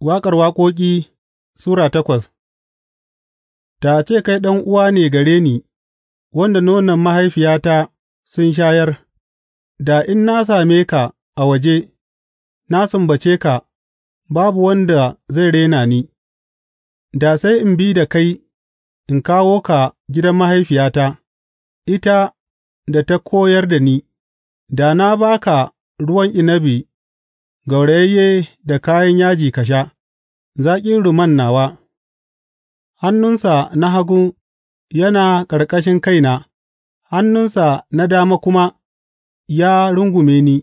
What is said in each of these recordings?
Waƙar Waƙoƙi Sura takwas Ta ce kai uwa ne gare ni, wanda nonon mahaifiyata sun shayar, da in na same ka a waje, na sumbace ka, babu wanda zai rena ni, da sai in bi da kai in kawo ka gidan mahaifiyata, ita da ta koyar da ni, da na ba ka ruwan inabi gaurayayye da kayan yaji ka sha, zaƙin rumman nawa, hannunsa na hagu yana ƙarƙashin kaina, hannunsa na dama kuma ya rungume ni,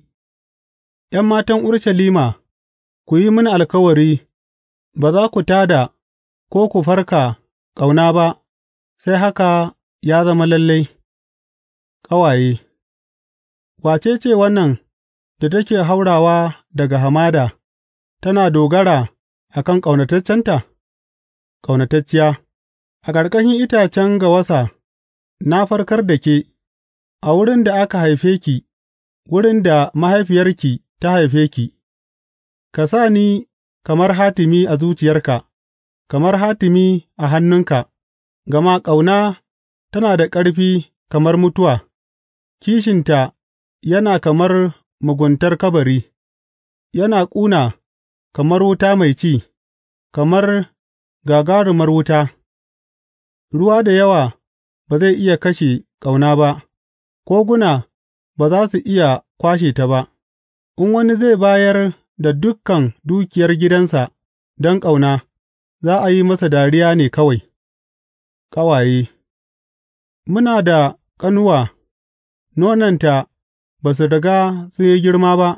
’yan matan Urushalima, ku yi mini alkawari, ba za ku tada ko ku farka ƙauna ba, sai haka ya zama lallai. Ƙawaye Wace ce wannan da take haurawa daga hamada tana dogara a kan ƙaunataccenta, ƙaunatacciya, a ƙarƙashin itacen gawasa na farkar da ke, a wurin da aka haife ki, wurin da mahaifiyarki ta haife ki, ka sa ni kamar hatimi a zuciyarka, kamar hatimi a hannunka, gama ƙauna tana da ƙarfi kamar mutuwa, kishinta yana kamar muguntar kabari, yana ƙuna kamar wuta mai ci, kamar gagarumar wuta, ruwa da yawa ba zai iya kashe ƙauna ba, koguna ba za su iya kwashe ta ba, in wani zai bayar da dukkan dukiyar gidansa don ƙauna, za a yi masa dariya ne kawai. Ƙawaye Muna da ƙanuwa, nonanta ba su riga sun yi girma ba,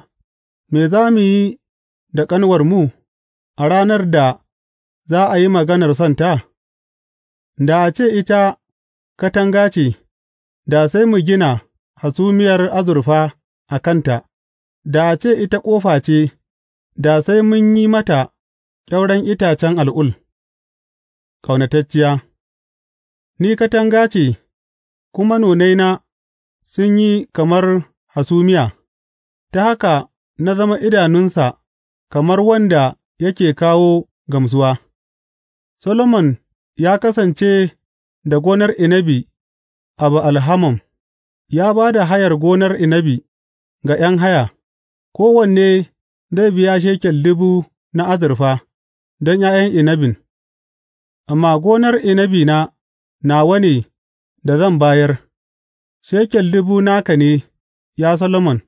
me za mu yi da mu a ranar da za a yi maganar santa? Da a ce ita katanga ce, da sai mu gina hasumiyar azurfa a kanta, da a ce ita ƙofa ce, da sai mun yi mata ƙyauren itacen al'ul. Ƙaunatacciya Ni katanga ce, kuma nonaina sun yi kamar hasumiya, ta haka na zama idanunsa kamar wanda yake kawo gamsuwa; Solomon ya kasance da gonar inabi a Ba'al Hamon, ya ba da hayar gonar inabi ga ’yan haya, kowanne zai biya shekel dubu na azurfa don ’ya'yan inabin, amma gonar inabina nawa ne da zan bayar, shekel dubu naka ne. ya Solomon,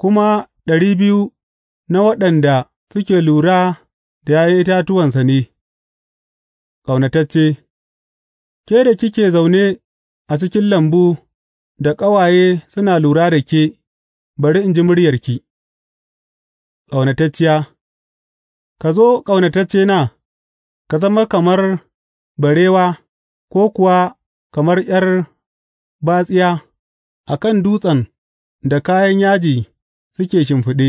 kuma ɗari biyu na waɗanda suke lura da ’ya'yan itatuwansa ne, Ƙaunatacce Ke da kike zaune a cikin lambu da ƙawaye suna lura da ke, bari in ji muryarki, Ƙaunatacciya Ka zo, ƙaunataccena, ka zama kamar barewa ko kuwa kamar ’yar batsiya a kan dutsen da kayan yaji suke shimfiɗe.